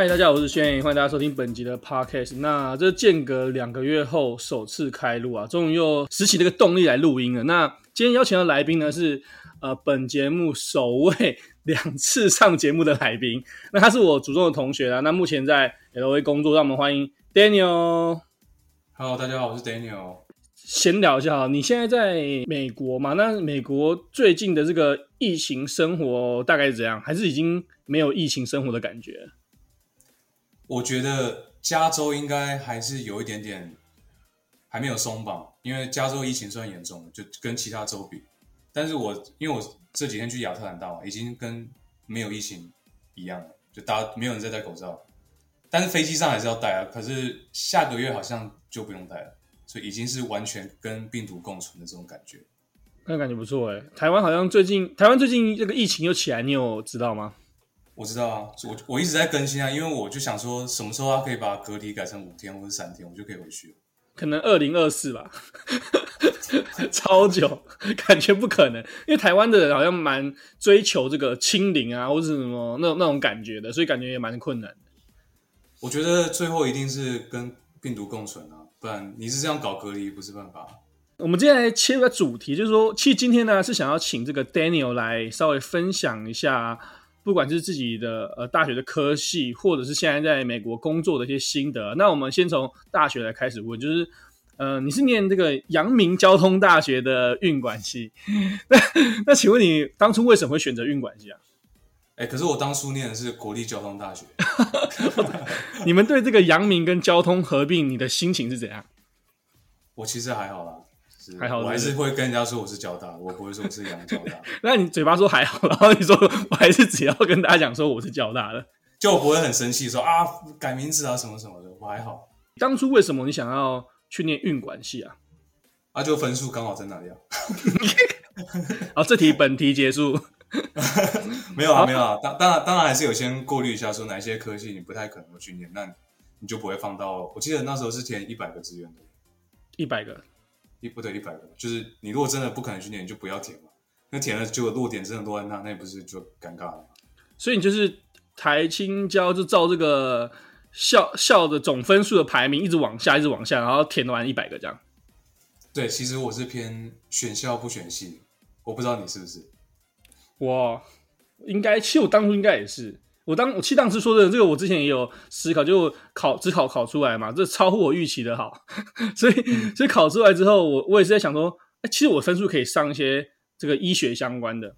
嗨，大家好，我是軒爺，歡迎大家收聽本集的 Podcast。那這間隔兩個月後首次開錄啊，終於又拾起這個動力來錄音了。那今天邀請的來賓呢是呃本節目首位兩次上節目的來賓，那他是我主動的同學啊。那目前在 LA 工作，讓我們歡迎 Daniel。Hello，大家好，我是 Daniel。閒聊一下哈，你現在在美國嘛？那美國最近的這個疫情生活大概是怎樣？還是已經沒有疫情生活的感覺？我覺得加州應該還是有一點點還沒有鬆綁，因為加州疫情算嚴重的，就跟其他州比。但是我因為我這幾天去亞特蘭大，已經跟沒有疫情一樣了，就大家沒有人在戴口罩，但是飛機上還是要戴啊。可是下個月好像就不用戴了，所以已經是完全跟病毒共存的這種感覺。那感覺不錯哎、欸。台灣好像最近台灣最近這個疫情又起來，你有知道嗎？我知道啊，我我一直在更新啊，因為我就想說，什麼時候它可以把隔離改成五天或者三天，我就可以回去。可能二零二四吧， 超久，感覺不可能。因為台灣的人好像蠻追求這個清零啊，或者什麼那種那種感覺的，所以感覺也蠻困難。我覺得最後一定是跟病毒共存啊，不然你是這樣搞隔離不是辦法。我們今天來切一個主題，就是說，其實今天呢是想要請這個 Daniel 來稍微分享一下。不管是自己的呃大學的科系，或者是現在在美國工作的一些心得，那我們先從大學來開始問，就是，呃，你是念這個陽明交通大學的運管系，嗯、那那請問你當初為什麼會選擇運管系啊？哎、欸，可是我當初念的是國立交通大學。 你們對這個陽明跟交通合併，你的心情是怎樣？我其實還好啦。還好是不是，我還是會跟人家說我是交大的，我不會說我是陽交大的。 那你嘴巴說還好，然後你說我還是只要跟大家講說我是交大的，就我不會很生氣說啊改名字啊什麼什麼的，我還好。當初為什麼你想要去念運管系啊？啊，就分數剛好在哪裡啊？ 好，這題本題結束。 沒有啊，沒有啊，當當然當然還是有先過濾一下，說哪些科系你不太可能去念，那你就不會放到。我記得那時候是填一百個志願的，一百個，不對，一百個，就是你如果真的不可能去念，你就不要填嘛。那填了，結果落點真的落在那，那也不是就尷尬了嗎？所以你就是台清交就照這個校校的總分數的排名，一直往下，一直往下，然後填完一百個這樣。對，其實我是偏選校不選系，我不知道你是不是。我應該，其實我當初應該也是。我當我去當時說的這個，我之前也有思考，就考只考考出來嘛，這超乎我預期的好。 所以所以考出來之後，我我也是在想說，哎、欸，其實我分數可以上一些這個醫學相關的，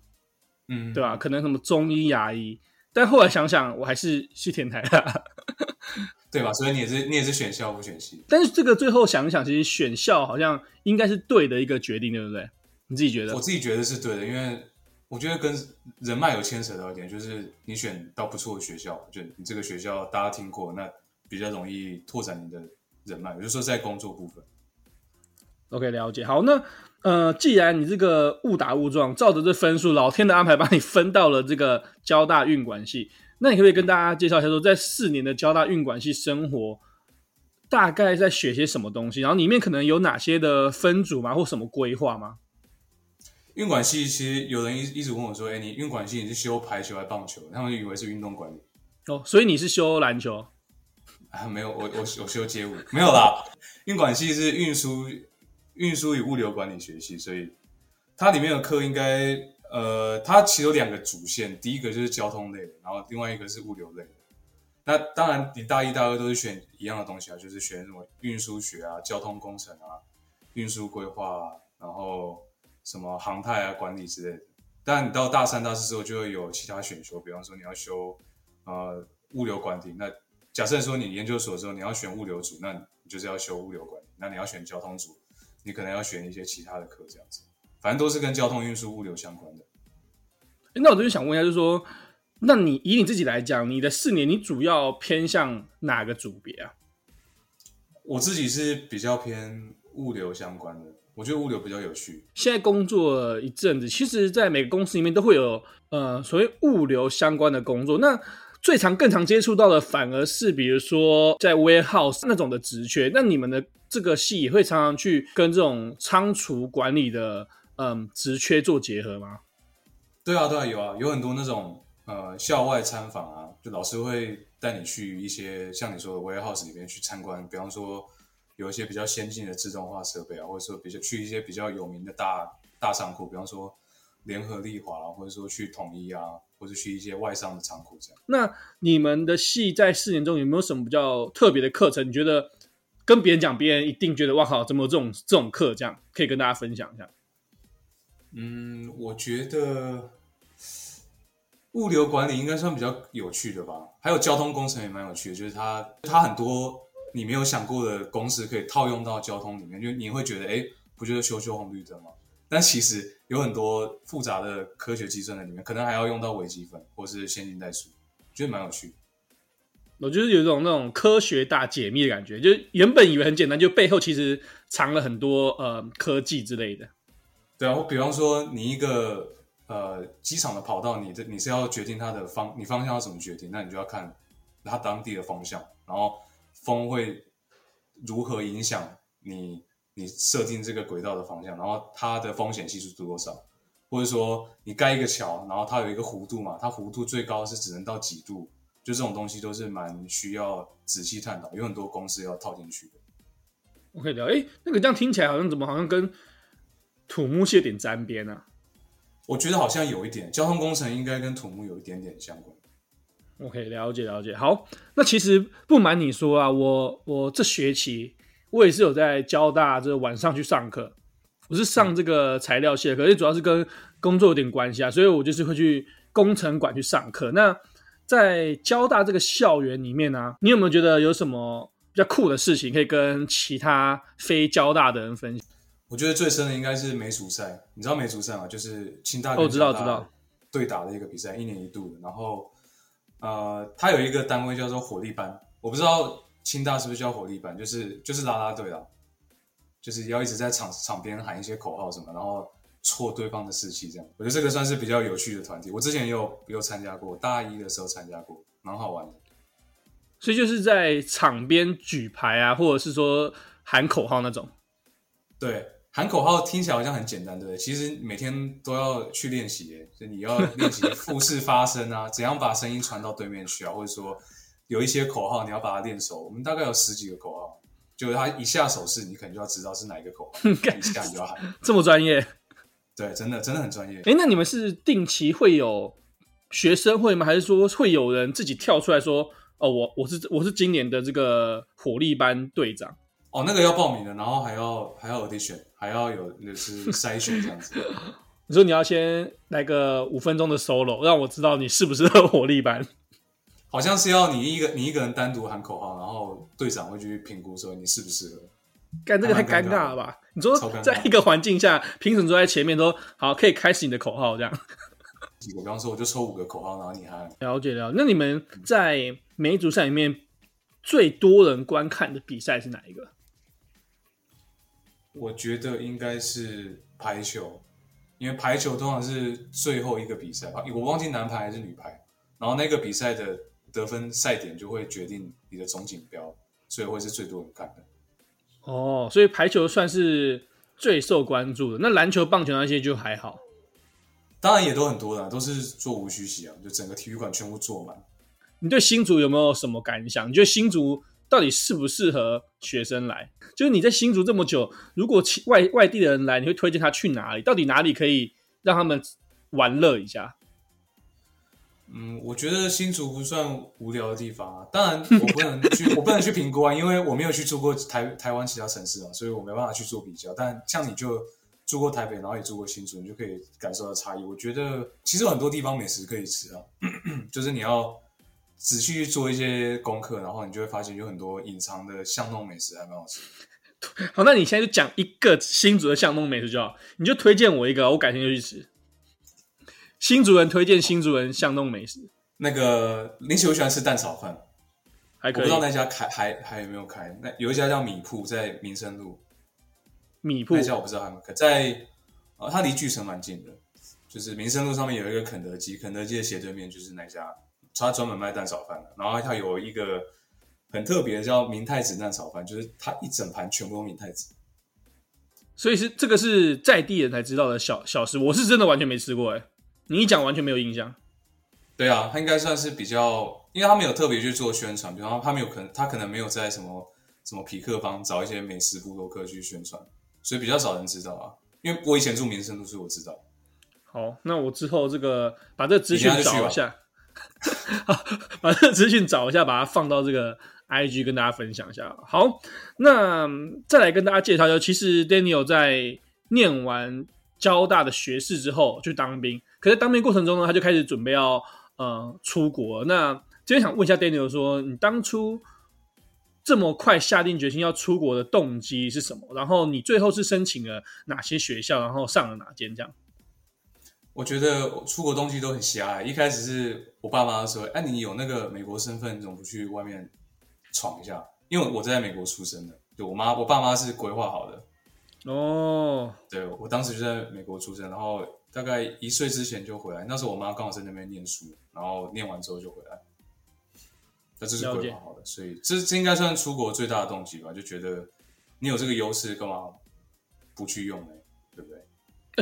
嗯，對吧？可能什麼中醫、牙醫，但後來想想，我還是去天台了， 對吧？所以你也是你也是選校不選系，但是這個最後想一想，其實選校好像應該是對的一個決定，對不對？你自己覺得？我自己覺得是對的，因為。我覺得跟人脈有牽扯到一點，就是你選到不錯的學校，就你這個學校大家聽過，那比較容易拓展你的人脈。我就說在工作部分。OK，了解。好，那呃，既然你這個誤打誤撞，照着這分數，老天的安排把你分到了這個交大運管系，那你可不可以跟大家介紹一下說，說在四年的交大運管系生活，大概在學些什麼東西，然後裡面可能有哪些的分組嗎，或什麼規劃嗎？運管系其實有人一一直問我說：“哎、欸，你運管系你是修排球還是棒球？”他們以為是運動管理哦，oh, 所以你是修籃球啊？沒有，我我我修街舞， 沒有啦。運管系是運輸、運輸與物流管理學系，所以它裡面的課應該呃，它其實有兩個主線，第一個就是交通類的，然後另外一個是物流類的。那當然，你大一大二都是選一樣的東西啊，就是選什麼運輸學啊、交通工程啊、運輸規劃啊，然後。什麼航太啊、管理之類的，但你到大三、大四之後，就會有其他選修，比方說你要修呃物流管理。那假設說你研究所之後你要選物流組，那你就是要修物流管理。那你要選交通組，你可能要選一些其他的課這樣子。反正都是跟交通運輸、物流相關的。欸，那我就想問一下，就是說，那你以你自己來講，你的四年你主要偏向哪個組別啊？我自己是比較偏物流相關的。我覺得物流比較有趣。現在工作了一陣子，其實，在每個公司裡面都會有呃所謂物流相關的工作。那最常、更常接觸到的，反而是比如說在 warehouse 那種的職缺。那你們的這個系也會常常去跟這種倉儲管理的嗯、呃、職缺做結合嗎？對啊，對啊，有啊，有很多那種呃校外參訪啊，就老師會帶你去一些像你說的 warehouse 裡面去參觀，比方說。有一些比較先進的自動化設備啊,或者說比較去一些比較有名的大大倉庫,比方說聯合利華啊,或者說去統一啊,或者去一些外商的倉庫這樣。那你們的系在四年中有沒有什麼比較特別的課程？你覺得跟別人講，別人一定覺得哇靠,怎麼有這種這種課？這樣可以跟大家分享一下。嗯,我覺得物流管理應該算比較有趣的吧,還有交通工程也蠻有趣的,就是它它很多。你沒有想過的公式可以套用到交通裡面，就你會覺得，哎、欸，不就是修修紅綠燈嗎？但其實有很多複雜的科學計算在裡面，可能還要用到微積分或是線性代數，覺得蠻有趣的。我就是有一種那種科學大解密的感覺，就原本以為很簡單，就背後其實藏了很多呃科技之類的。對啊，我比方說，你一個呃機場的跑道，你你是要決定它的方，你方向要怎麼決定？那你就要看它當地的方向，然後。風會如何影響你，你設定這個軌道的方向，然後它的風險係數是多少？或者說你蓋一個橋，然後它有一個弧度嘛，它弧度最高是只能到幾度？就這種東西都是蠻需要仔細探討，有很多公式要套進去的。我可以聊哎、欸，那個這樣聽起來好像怎麼好像跟土木系有點沾邊啊？我覺得好像有一點，交通工程應該跟土木有一點點相關。OK，了解了解。好，那其實不瞞你說啊，我我這學期我也是有在交大這晚上去上課，我是上這個材料系的課，因為主要是跟工作有點關係啊，所以我就是會去工程館去上課。那在交大這個校園裡面呢、啊，你有沒有覺得有什麼比較酷的事情可以跟其他非交大的人分享？我覺得最深的應該是梅竹賽，你知道梅竹賽嗎？就是清大哦，知道知道對打的一個比賽，一年一度的，然後。呃，他有一個單位叫做火力班，我不知道清大是不是叫火力班，就是就是啦啦隊啦，啊，就是要一直在場場邊喊一些口號什麼，然後挫對方的士氣這樣。我覺得這個算是比較有趣的團體，我之前有有參加過大一的時候參加過，蠻好玩的。所以就是在場邊舉牌啊，或者是說喊口號那種。對。喊口號聽起來好像很簡單，對不對？其實每天都要去練習，欸，所以你要練習腹式發聲啊， 怎樣把聲音傳到對面去啊，或者說有一些口號你要把它練熟。我們大概有十幾個口號，就是他一下手勢，你可能就要知道是哪一個口號， 一下你就要喊。 這麼專業？對，真的真的很專業。誒、欸、那你們是定期會有學生會嗎？還是說會有人自己跳出來說哦，我我是我是今年的這個火力班隊長？哦，那個要報名的，然後還要還要，audition，還要有得選，還要有那是篩選這樣子。 你說你要先來個五分鐘的 solo，讓我知道你適不適合火力班。好像是要你一個你一個人單獨喊口號，然後隊長會去評估說你適不適合。幹這、那個太尷尬了吧尬？你說在一個環境下評審坐在前面說好，可以開始你的口號這樣。我剛剛說我就抽五個口號，然後你喊。了解了，那你們在每一組賽裡面最多人觀看的比賽是哪一個？我覺得應該是排球，因為排球通常是最後一個比賽吧，我忘記男排還是女排。然後那個比賽的得分賽點就會決定你的總錦標，所以會是最多人看的。哦，所以排球算是最受關注的。那籃球、棒球那些就還好，當然也都很多啦啊，都是座無虛席啊，就整個體育館全部坐滿。你對新竹有沒有什麼感想？你覺得新竹？到底適不適合學生來？就是你在新竹這麼久，如果外外地的人來，你會推薦他去哪裡？到底哪裡可以讓他們玩樂一下？嗯，我覺得新竹不算無聊的地方啊。當然，我不能去， 我不能去評估啊，因為我沒有去住過台台灣其他城市啊，所以我沒辦法去做比較。但像你就住過台北，然後也住過新竹，你就可以感受到差異。我覺得其實有很多地方美食可以吃啊， 就是你要。仔細去做一些功課，然後你就會發現有很多隱藏的巷弄美食還蠻好吃。好，那你現在就講一個新竹的巷弄美食就好，你就推薦我一個，我改天就去吃。新竹人推薦新竹人巷弄美食，那個你喜歡吃蛋炒飯，還可以。我不知道那家開還還，還有沒有開，那有一家叫米鋪在民生路，米鋪那家我不知道還有沒開在，啊、哦，它離巨城蠻近的，就是民生路上面有一個肯德基，肯德基的斜對面就是那家。他專門賣蛋炒飯的，然後他有一個很特別的，叫明太子蛋炒飯，就是他一整盤全部用明太子。所以是這個是在地人才知道的小小吃，我是真的完全沒吃過哎、欸。你一講完全沒有印象。對啊，他應該算是比較，因為他沒有特別去做宣傳，比方他沒有，可能他可能沒有在什麼什麼痞客邦找一些美食部落客去宣傳，所以比較少人知道啊。因為我以前住民生都是我知道。好，那我之後這個把這個資訊，找一下。 好，把這個資訊找一下，把它放到這個 IG 跟大家分享一下。好，那再來跟大家介紹一下，其實 Daniel 在念完交大的學士之後去當兵，可是當兵過程中呢，他就開始準備要呃出國。那今天想問一下 Daniel 說，你當初這麼快下定決心要出國的動機是什麼？然後你最後是申請了哪些學校，然後上了哪間這樣？我覺得出國東西都很狹隘。一開始是我爸媽說：“哎、啊，你有那個美國身份，你怎麼不去外面闖一下？”因為我在美國出生的，對我媽、我爸媽是規劃好的。哦、oh.，對我當時就在美國出生，然後大概一歲之前就回來。那時候我媽剛好在那邊念書，然後念完之後就回來。那這是規劃好的，所以這這應該算出國最大的動機吧？就覺得你有這個優勢，幹嘛不去用呢？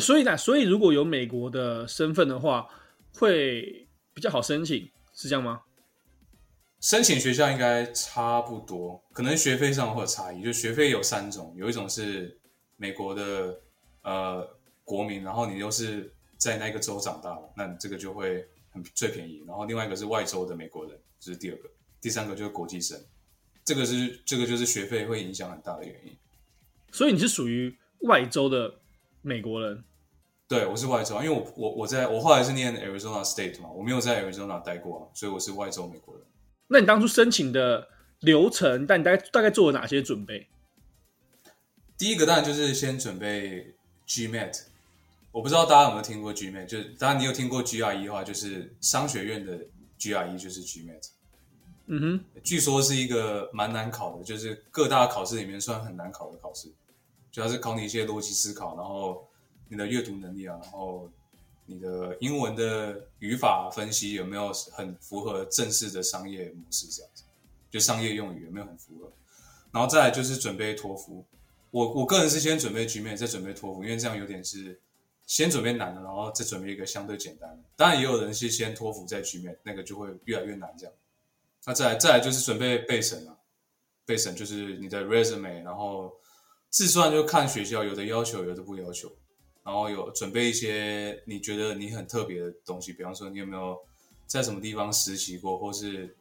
所以呢，所以如果有美國的身份的話，會比較好申請，是這樣嗎？申請學校應該差不多，可能學費上會有差異。就學費有三種，有一種是美國的呃國民，然後你又是在那個州長大的，那你這個就會很最便宜。然後另外一個是外州的美國人，這、就是第二個，第三個就是國際生，這個是這個就是學費會影響很大的原因。所以你是屬於外州的美國人。對，我是外州，因為我我我在我後來是念 Arizona State 嘛，我沒有在 Arizona 待過啊，所以我是外州美國人。那你當初申請的流程，但你大概大概做了哪些準備？第一個當然就是先準備 GMAT，我不知道大家有沒有聽過 GMAT，就是當然你有聽過 GRE 的話，就是商學院的 GRE 就是 GMAT。嗯哼，據說是一個蠻難考的，就是各大考試裡面算很難考的考試，主要是考你一些邏輯思考，然後。你的閱讀能力啊，然後你的英文的語法分析有沒有很符合正式的商業模式這樣子？就商業用語有沒有很符合？然後再來就是準備托福。我我個人是先準備局面，再準備托福，因為這樣有點是先準備難的，然後再準備一個相對簡單的。當然也有人是先托福再局面，那個就會越來越難這樣。那再來，再來就是準備備審啊，備審就是你的 resume，然後自傳就看學校有的要求，有的要求，有的不要求。然後有準備一些你覺得你很特別的東西，比方說你有沒有在什麼地方實習過，或是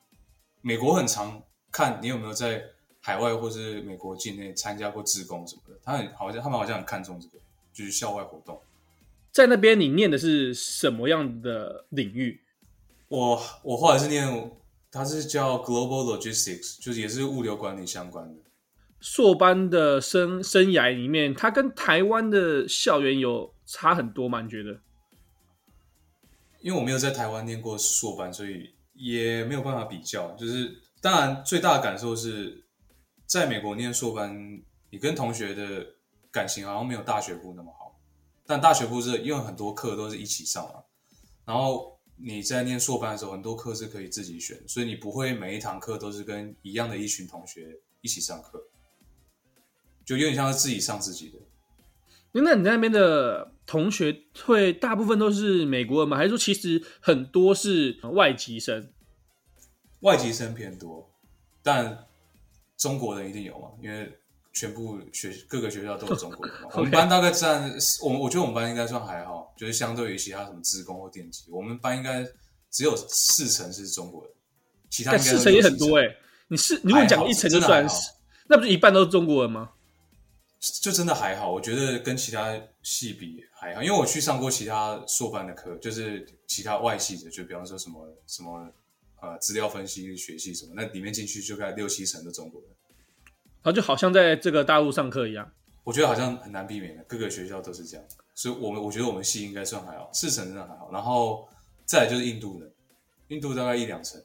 美國很常看你有沒有在海外或是美國境內參加過志工什麼的，他好像他們好像很看重這個，就是校外活動。在那邊你念的是什麼樣的領域？我我後來是念，它是叫 Global Logistics，就是也是物流管理相關的。碩班的生生涯裡面，它跟台灣的校園有差很多嗎？你覺得？因為我沒有在台灣念過碩班，所以也沒有辦法比較。就是當然最大的感受是，在美國念碩班，你跟同學的感情好像沒有大學部那麼好。但大學部是因為很多課都是一起上啊。然後你在念碩班的時候，很多課是可以自己選，所以你不會每一堂課都是跟一樣的一群同學一起上課。就有點像是自己上自己的。那你在那邊的同學會大部分都是美國人嗎？還是說其實很多是外籍生？外籍生偏多，但中國人一定有嘛？因為全部學各個學校都是中國人嘛。 okay. 我們班大概占，我我覺得我們班應該算還好，就是相對於其他什麼資工或電機，我們班應該只有四成是中國人，其他應該是四成，四成也很多哎、欸。你是你如果你講一成就算是，那不是一半都是中國人嗎？就真的還好，我覺得跟其他系比還好，因為我去上過其他碩班的課，就是其他外系的，就比方說什麼什麼啊，呃、資料分析學系什麼，那裡面進去就大概六七成的中國人，啊，就好像在這個大陸上課一樣，我覺得好像很難避免的，各個學校都是這樣，所以我們我覺得我們系應該算還好，四成真的還好，然後再來就是印度人，印度大概一兩成。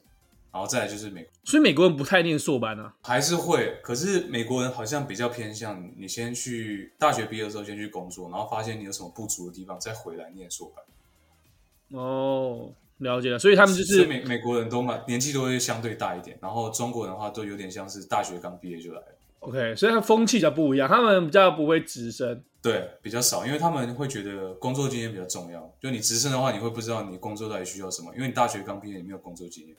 然後再來就是美國，所以美國人不太念碩班啊，還是會，可是美國人好像比較偏向你先去大學畢業的時候先去工作，然後發現你有什麼不足的地方再回來念碩班。哦，了解了，所以他們就是，是，是美，美國人都嘛，年紀都會相對大一點，然後中國人的話都有點像是大學剛畢業就來了。OK，所以他風氣就不一樣，他們比較不會直升，對，比較少，因為他們會覺得工作經驗比較重要。就你直升的話，你會不知道你工作到底需要什麼，因為你大學剛畢業，你沒有工作經驗。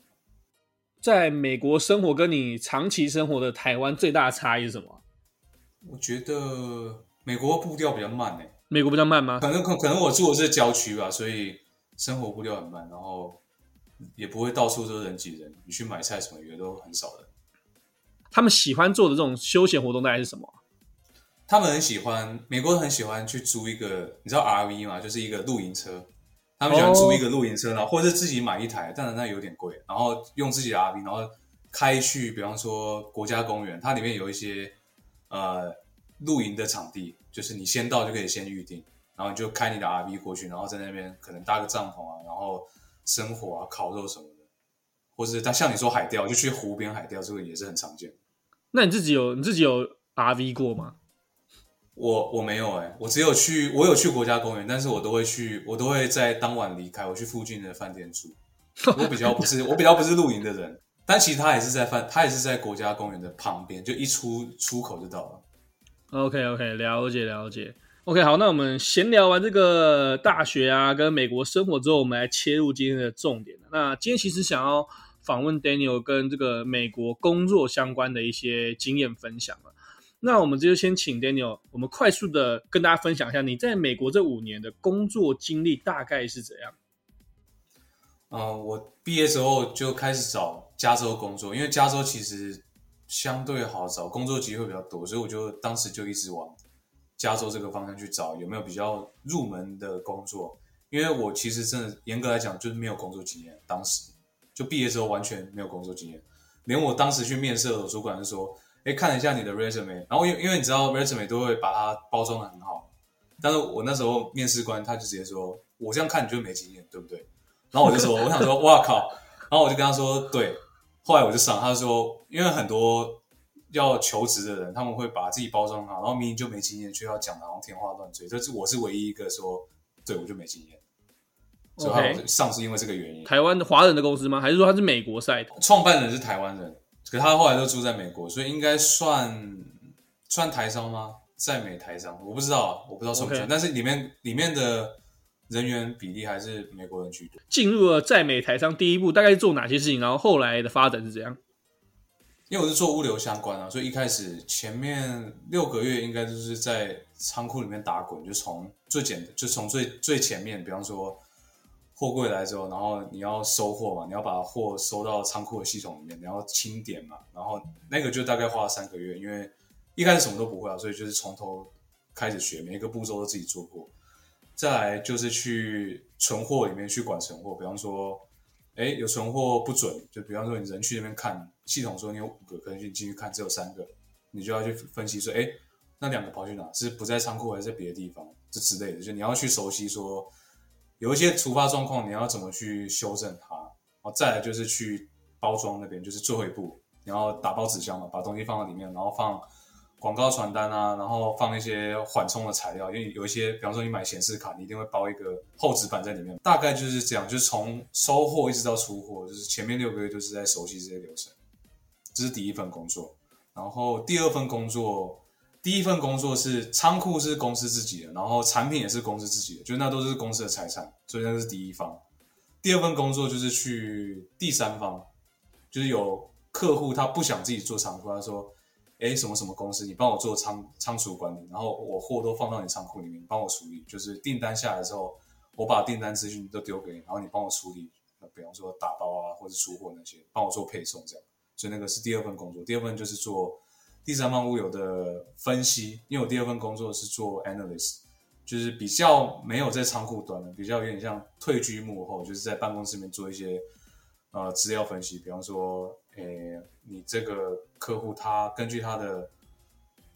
在美國生活跟你長期生活的台灣最大的差異是什麼？我覺得美國步調比較慢誒。美國比較慢嗎？可能可可能我住的是郊區吧，所以生活步調很慢，然後也不會到處都是人擠人。你去買菜什麼也都很少的。他們喜歡做的這種休閒活動大概是什麼？他們很喜歡，美國人很喜歡去租一個，你知道 RV 嗎？就是一個露營車。他們喜歡租一個露營車呢，Oh. 或者自己買一台，但是那有點貴。然後用自己的 RV，然後開去，比方說國家公園，它裡面有一些呃露營的場地，就是你先到就可以先預定，然後你就開你的 RV 過去，然後在那邊可能搭個帳篷啊，然後生火啊、烤肉什麼的，或者他像你說海釣，就去湖邊海釣，這個也是很常見的。那你自己有你自己有 RV 過嗎？我我沒有哎、欸，我只有去，我有去國家公園，但是我都會去，我都會在當晚離開，我去附近的飯店住。我比較不是， 我比較不是露營的人，但其實他也是在飯，他也是在國家公園的旁邊，就一出出口就到了。OK OK，了解了解。OK 好，那我們閒聊完這個大學啊，跟美國生活之後，我們來切入今天的重點。那今天其實想要訪問 Daniel 跟這個美國工作相關的一些經驗分享了那我們就先請 Daniel，我們快速的跟大家分享一下你在美國這五年的工作經歷大概是怎樣？嗯、呃，我畢業之後就開始找加州工作，因為加州其實相對好找工作，機會比較多，所以我就當時就一直往加州這個方向去找有沒有比較入門的工作。因為我其實真的嚴格來講就是沒有工作經驗，當時就畢業之後完全沒有工作經驗，連我當時去面試的主管是說，誒，看了一下你的 resume，然後因為因為你知道 resume 都會把它包裝的很好，但是我那時候面試官他就直接說，我這樣看你就沒經驗，對不對？然後我就說，我想說， 哇靠！然後我就跟他說，對。後來我就上，他就說，因為很多要求職的人，他們會把自己包裝好，然後明明就沒經驗，卻要講的好天花亂墜。這是我是唯一一個說，對，我就沒經驗。Okay. 所以他上是因為這個原因。台灣華人的公司嗎？還是說他是美國賽？創辦人是台灣人。可是他後來都住在美國，所以應該算算台商嗎？在美台商，我不知道，我不知道算不算。Okay. 但是裡面裡面的人員比例還是美國人居多。進入了在美台商第一步，大概做哪些事情？然後後來的發展是怎樣？因為我是做物流相關啊，所以一開始前面六個月應該就是在倉庫裡面打滾，就從最簡，就從最最前面，比方說。貨櫃來之後，然後你要收貨嘛，你要把貨收到倉庫的系統裡面，你要清點嘛，然後那個就大概花了三個月，因為一開始什麼都不會啊，所以就是從頭開始學，每一個步驟都自己做過。再來就是去存貨裡面去管存貨，比方說，誒、欸、有存貨不準，就比方說你人去那邊看，系統說你有五個，可能你進去看只有三個，你就要去分析說，哎、欸，那兩個跑去哪？是不在倉庫還是在別的地方？這之類的，就你要去熟悉說。有一些突發狀況，你要怎麼去修正它？然後再來就是去包裝那邊，就是最後一步，你要打包紙箱嘛，把東西放到裡面，然後放廣告傳單啊，然後放一些緩衝的材料，因為有一些，比方說你買顯示卡，你一定會包一個厚紙板在裡面，大概就是這樣。就是從收貨一直到出貨，就是前面六個月就是在熟悉這些流程，這是第一份工作。然後第二份工作。第一份工作是倉庫是公司自己的，然後產品也是公司自己的，就那都是公司的財產，所以那是第一方。第二份工作就是去第三方，就是有客戶他不想自己做倉庫，他說，哎，什麼什麼公司，你幫我做倉倉儲管理，然後我貨都放到你倉庫裡面，你幫我處理。就是訂單下來之後，我把訂單資訊都丟給你，然後你幫我處理，比方說打包啊，或者出貨那些，幫我做配送這樣。所以那個是第二份工作，第二份就是做。第三方物流的分析，因為我第二份工作是做 analyst，就是比較沒有在倉庫端的，比較有點像退居幕後，就是在辦公室裡面做一些呃資料分析。比方說，誒、欸，你這個客戶他根據他的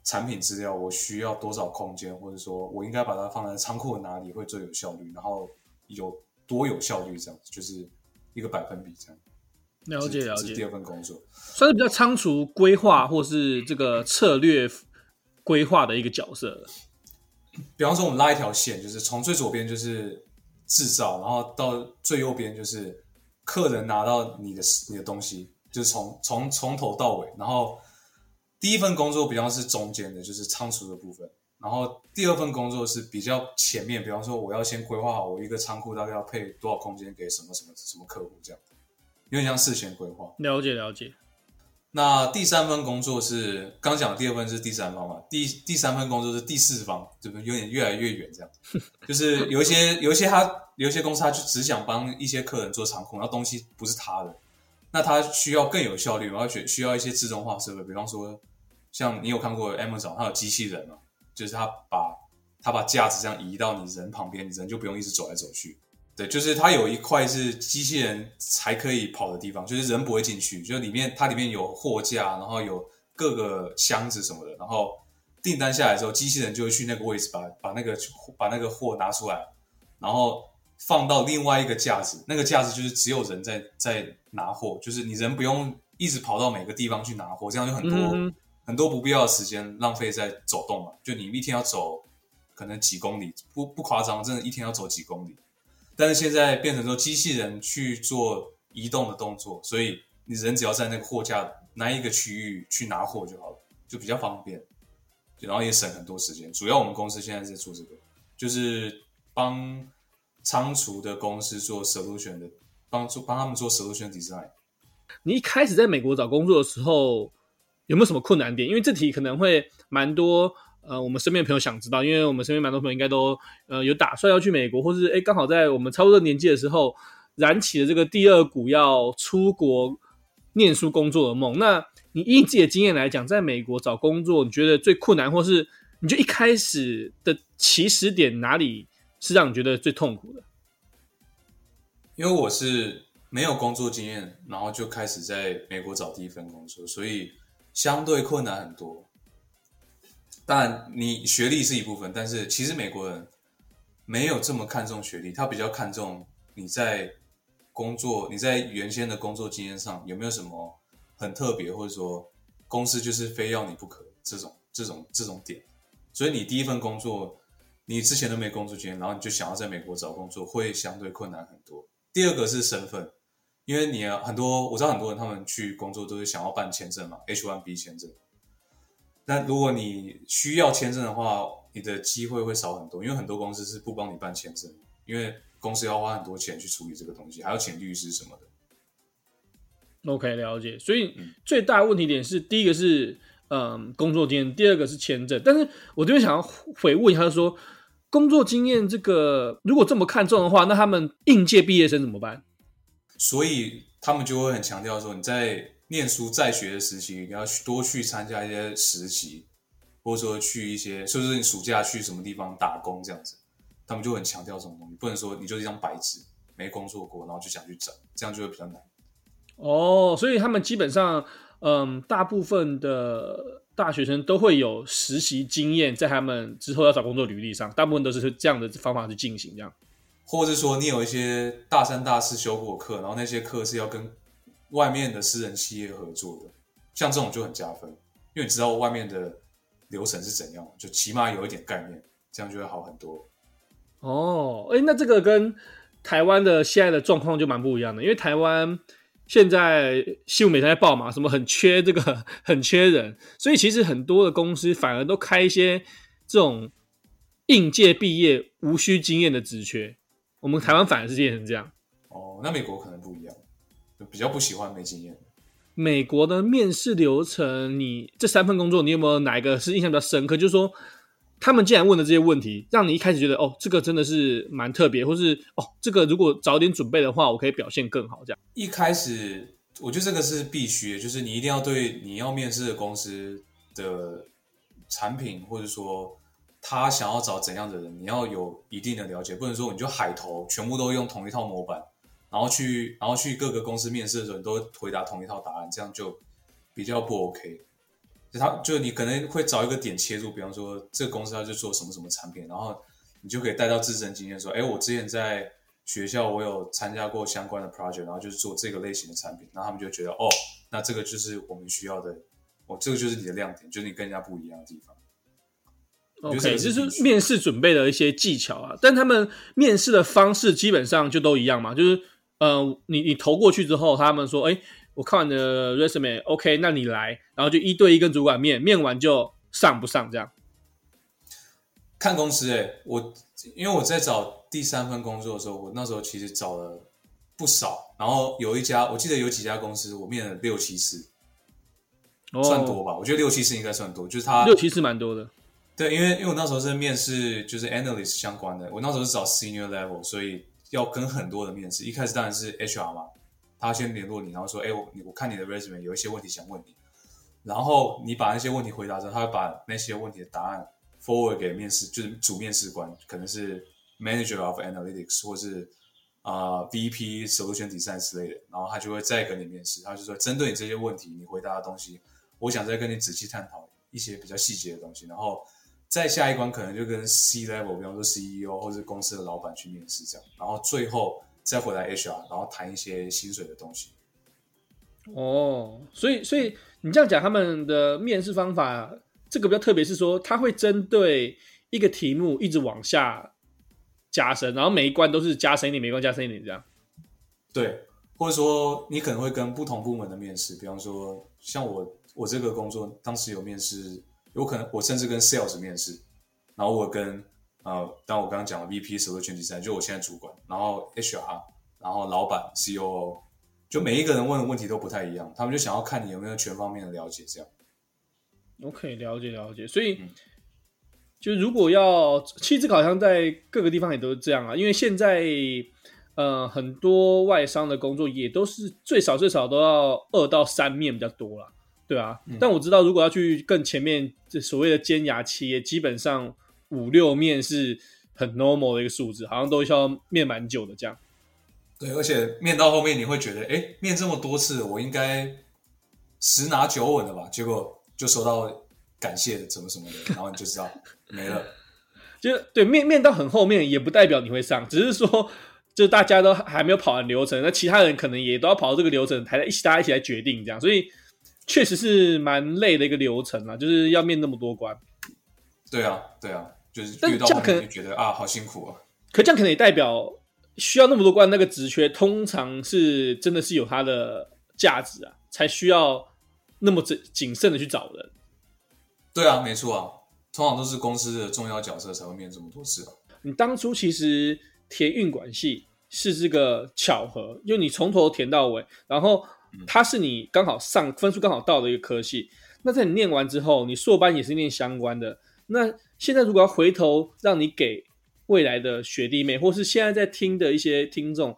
產品資料，我需要多少空間，或者說我應該把它放在倉庫的哪裡會最有效率，然後有多有效率，這樣子就是一個百分比這樣。了解了解，了解，第二份工作算是比較倉儲規劃或是這個策略規劃的一個角色了。比方說，我們拉一條線，就是從最左邊就是製造，然後到最右邊就是客人拿到你的你的東西，就是從從從頭到尾。然後第一份工作比較是中間的，就是倉儲的部分。然後第二份工作是比較前面，比方說我要先規劃好我一個倉庫大概要配多少空間給什麼什麼什麼客戶這樣。有點像事先規劃，了解了解。那第三份工作是剛講的第二份是第三方嘛？第第三份工作是第四方，對不對？有點越來越遠這樣。 就是有一些有一些他有一些公司，他就只想幫一些客人做長空，然後東西不是他的，那他需要更有效率，而且需要一些自動化設備，比方說像你有看過 Amazon，他有機器人嘛？就是他把他把架子這樣移到你人旁邊，你人就不用一直走來走去。對，就是它有一塊是機器人才可以跑的地方，就是人不會進去。就是裡面它裡面有貨架，然後有各個箱子什麼的。然後訂單下來之後，機器人就會去那個位置把，把把那個把那個貨拿出來，然後放到另外一個架子。那個架子就是只有人在在拿貨，就是你人不用一直跑到每個地方去拿貨，這樣就很多、嗯、很多不必要的時間浪費在走動嘛，就你一天要走可能幾公里，不不誇張，真的一天要走幾公里。但是現在變成說機器人去做移動的動作，所以你人只要在那個貨架哪一個區域去拿貨就好了，就比較方便，然後也省很多時間。主要我們公司現在在做這個，就是幫倉儲的公司做 solution 的，幫助幫他們做 solution design。你一開始在美國找工作的時候，有沒有什麼困難點？因為這題可能會蠻多。呃，我們身邊朋友想知道，因為我們身邊蠻多朋友應該都呃有打算要去美國，或是哎剛好在我們差不多年紀的時候燃起了這個第二股要出國唸書工作的夢。那你以自己的經驗來講，在美國找工作，你覺得最困難，或是你就一開始的起始點哪裡是讓你覺得最痛苦的？因為我是沒有工作經驗，然後就開始在美國找第一份工作，所以相對困難很多。當然，你學歷是一部分，但是其實美國人沒有這麼看重學歷，他比較看重你在工作，你在原先的工作經驗上有沒有什麼很特別，或者說公司就是非要你不可這種這種這種點。所以你第一份工作，你之前都沒工作經驗，然後你就想要在美國找工作會相對困難很多。第二個是身份，因為你很多，我知道很多人他們去工作都是想要辦簽證嘛，H1B 簽證。那如果你需要簽證的話，你的機會會少很多，因為很多公司是不幫你辦簽證，因為公司要花很多錢去處理這個東西，還要請律師什麼的。OK，了解。所以最大問題點是，嗯、第一個是嗯、呃、工作經驗，第二個是簽證。但是我這邊想要回問一下說，說工作經驗這個如果這麼看重的話，那他們應屆畢業生怎麼辦？所以他們就會很強調說你在。念書在學的時期，你要去多去參加一些實習，或者說去一些，不、就是你暑假去什麼地方打工這樣子，他們就很強調這種東西，不能說你就是一張白紙，沒工作過，然後就想去找，這樣就會比較難。哦，所以他們基本上，嗯，大部分的大學生都會有實習經驗，在他們之後要找工作履歷上，大部分都是這樣的方法去進行這樣，或者說你有一些大三、大四修過課，然後那些課是要跟。外面的私人企業合作的，像這種就很加分，因為你知道外面的流程是怎樣，就起碼有一點概念，這樣就會好很多。哦，哎、欸，那這個跟台灣的現在的狀況就蠻不一樣的，因為台灣現在新聞媒體在報嘛，什麼很缺這個，很缺人，所以其實很多的公司反而都開一些這種應屆畢業無需經驗的職缺，我們台灣反而是變成這樣。哦，那美國可能不一樣。比較不喜歡沒經驗。美國的面試流程，你這三份工作，你有沒有哪一個是印象比較深刻？就是說，他們竟然問的這些問題，讓你一開始覺得哦，這個真的是蠻特別，或是哦，這個如果早點準備的話，我可以表現更好。這樣，一開始，我覺得這個是必須的，就是你一定要對你要面試的公司的產品，或者說他想要找怎樣的人，你要有一定的了解，不能說你就海投，全部都用同一套模板。然後去，然後去各個公司面試的時候，你都回答同一套答案，這樣就比較不 OK。就他，就你可能會找一個點切入，比方說，這個公司它就做什麼什麼產品，然後你就可以帶到自身經驗說：“哎，我之前在學校我有參加過相關的 project，然後就是做這個類型的產品。”然後他們就覺得：“哦，那這個就是我們需要的，哦，這個就是你的亮點，就是你跟人家不一樣的地方。”OK，就這是，這是面試準備的一些技巧啊。但他們面試的方式基本上就都一樣嘛，就是。呃、嗯，你你投過去之後，他們說，哎、欸，我看完你的 resume，OK，okay，那你來，然後就一對一跟主管面，面完就上不上這樣。看公司、欸，哎，我因為我在找第三份工作的時候，我那時候其實找了不少，然後有一家，我記得有幾家公司，我面了六七次，oh。算多吧？我覺得六七次應該算多，就是它六七次蠻多的。對，因為因為我那時候是面試就是 analyst 相關的，我那時候是找 senior level，所以。要跟很多的面試，一開始當然是 HR 嘛，他先聯絡你，然後說，哎、欸，我我看你的 resume 有一些問題想問你，然後你把那些問題回答之後，他會把那些問題的答案 forward 給面試，就是主面試官，可能是 manager of analytics 或是啊、呃、VP Solution Design 之類的，然後他就會再跟你面試，他就說針對你這些問題你回答的東西，我想再跟你仔細探討一些比較細節的東西，然後。在下一關可能就跟 C level，比方說 CEO 或者公司的老闆去面試這樣，然後最後再回來 HR，然後談一些薪水的東西。哦，所以所以你這樣講，他們的面試方法這個比較特別，是說他會針對一個題目一直往下加深，然後每一關都是加深一點，每一關加深一點這樣。對，或者說你可能會跟不同部門的面試，比方說像我我這個工作當時有面試。有可能我甚至跟 sales 面試，然後我跟呃，當我剛剛講的 VP，所謂全職三，就我現在主管，然後 HR，然後老闆，COO，就每一個人問的問題都不太一樣，他們就想要看你有沒有全方面的了解，這樣。我可以了解了解，所以、嗯、就如果要，其實好像在各個地方也都是這樣啊，因為現在呃很多外商的工作也都是最少最少都要二到三面比較多啦。對啊、嗯，但我知道，如果要去更前面，這所謂的尖牙企業，基本上五六面是很 normal 的一個數字，好像都需要面蠻久的這樣。對，而且面到後面，你會覺得，哎、欸，面這麼多次，我應該十拿九穩的吧？結果就收到感謝的，什麼什麼的，然後你就知道 沒了。就是對面面到很後面，也不代表你會上，只是說，就大家都還沒有跑完流程，那其他人可能也都要跑到這個流程，還在一起大家一起來決定這樣，所以。確實是蠻累的一個流程啊，就是要面那麼多關。對啊，對啊，就是遇到就這樣可能覺得啊，好辛苦啊。可這樣可能也代表需要那麼多關，那個職缺通常是真的是有它的價值啊，才需要那麼謹謹慎的去找人。對啊，沒錯啊，通常都是公司的重要角色才會面這麼多次啊。你當初其實填運管系是這個巧合，就你從頭填到尾，然後。它是你剛好上分數剛好到的一個科系，那在你念完之後，你碩班也是念相關的。那現在如果要回頭讓你給未來的學弟妹，或是現在在聽的一些聽眾，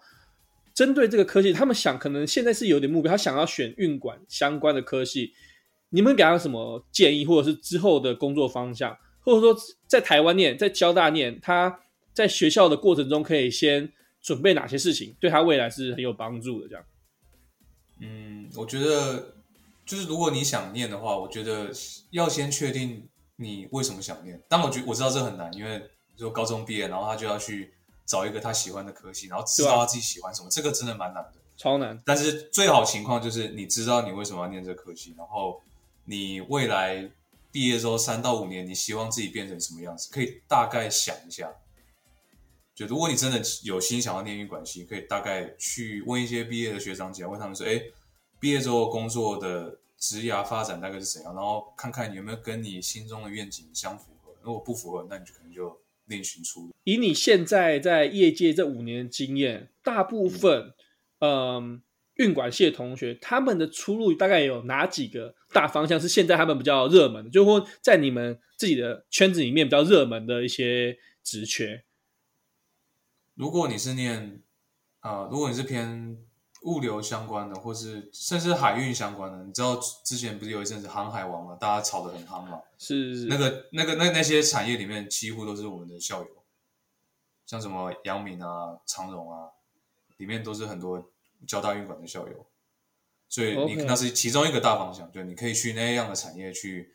針對這個科系，他們想可能現在是有點目標，他想要選運管相關的科系，你們給他什麼建議，或者是之後的工作方向，或者說在台灣念，在交大念，他在學校的過程中可以先準備哪些事情，對他未來是很有幫助的這樣。嗯，我覺得就是如果你想念的話，我覺得要先確定你為什麼想念。但我覺得我知道這很難，因為就高中畢業，然後他就要去找一個他喜歡的科系，然後知道他自己喜歡什麼，啊、這個真的蠻難的，超難。但是最好情況就是你知道你為什麼要念這個科系，然後你未來畢業之後三到五年，你希望自己變成什麼樣子，可以大概想一下。就如果你真的有心想要念運管系，可以大概去問一些畢業的學長姐，問他們說：“哎，畢業之後工作的職涯發展大概是怎樣？”然後看看你有沒有跟你心中的願景相符合。如果不符合，那你就可能就另尋出路。以你現在在業界這五年的經驗，大部分嗯、呃、運管系的同學他們的出路大概有哪幾個大方向？是現在他們比較熱門的，就是說在你們自己的圈子裡面比較熱門的一些職缺。如果你是念，呃，如果你是偏物流相關的，或是甚至海運相關的，你知道之前不是有一陣子航海王嘛，大家炒得很夯嘛，是是是，那個那個那那些產業裡面幾乎都是我們的校友，像什麼陽明啊、長榮啊，裡面都是很多交大運管的校友，所以你、okay. 那是其中一個大方向，就你可以去那樣的產業去，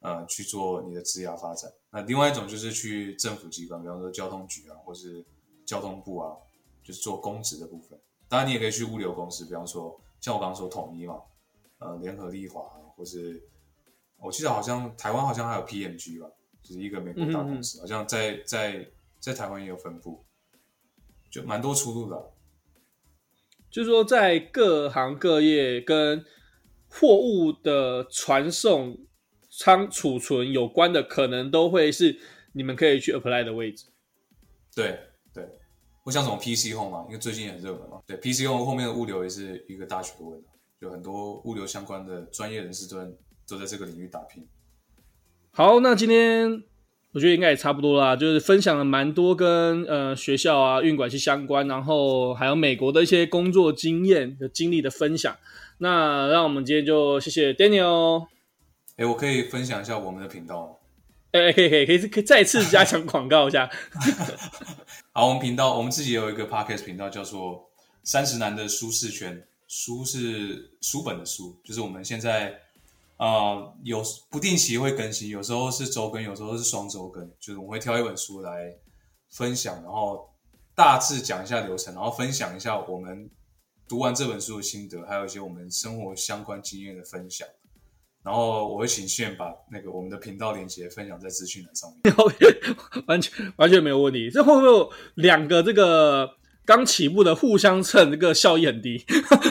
呃，去做你的職業發展。那另外一種就是去政府機關，比方說交通局啊，或是，交通部啊，就是做公職的部分。當然，你也可以去物流公司，比方說像我剛剛說統一嘛，呃，聯合利華啊，或是我記得好像台灣好像還有 PMG 吧，就是一個美國大公司，嗯嗯。好像在在在台灣也有分布。就蠻多出路的啊。就是說，在各行各業跟貨物的傳送、倉儲存有關的，可能都會是你們可以去 apply 的位置。對。或像什麼 PC home 嘛、啊，因為最近也很熱門嘛。對 PC home 後面的物流也是一個大學問，有很多物流相關的專業人士都在都在這個領域打拼。好，那今天我覺得應該也差不多啦，就是分享了蠻多跟呃學校啊運管系相關，然後還有美國的一些工作經驗的經歷的分享。那讓我們今天就謝謝 Daniel。誒、欸、我可以分享一下我們的頻道。哎、欸，可以可以可以再次加強廣告一下。 好，我們頻道，我們自己也有一個 podcast 頻道，叫做《三十男的書適圈》，書是書本的書，就是我們現在啊、呃、有不定期會更新，有時候是周更，有時候是雙周更，就是我會挑一本書來分享，然後大致講一下流程，然後分享一下我們讀完這本書的心得，還有一些我們生活相關經驗的分享。然後我會請線把那個我們的頻道連接分享在資訊欄上面。完全完全沒有問題。這會不會有兩個這個剛起步的互相蹭這個效益很低？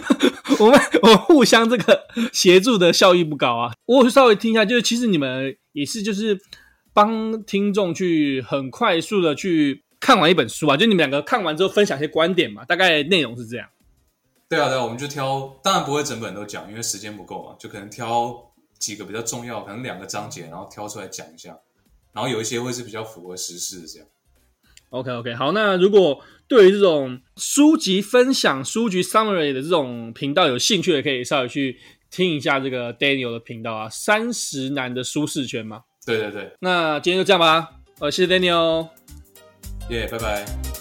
我們我們互相這個協助的效益不高啊。我稍微聽一下，就是其實你們也是就是幫聽眾去很快速的去看完一本書啊，就你們兩個看完之後分享一些觀點嘛，大概內容是這樣。對啊對啊，我們就挑，當然不會整本都講，因為時間不夠嘛，就可能挑。幾個比較重要，可能兩個章節，然後挑出來講一下，然後有一些會是比較符合時事這樣。OK OK，好，那如果對於這種書籍分享、書籍 summary 的這種頻道有興趣的，可以稍微去聽一下這個 Daniel 的頻道啊，三十男的舒適圈嘛。對對對，那今天就這樣吧，呃、哦，謝謝 Daniel，耶，yeah, 拜拜。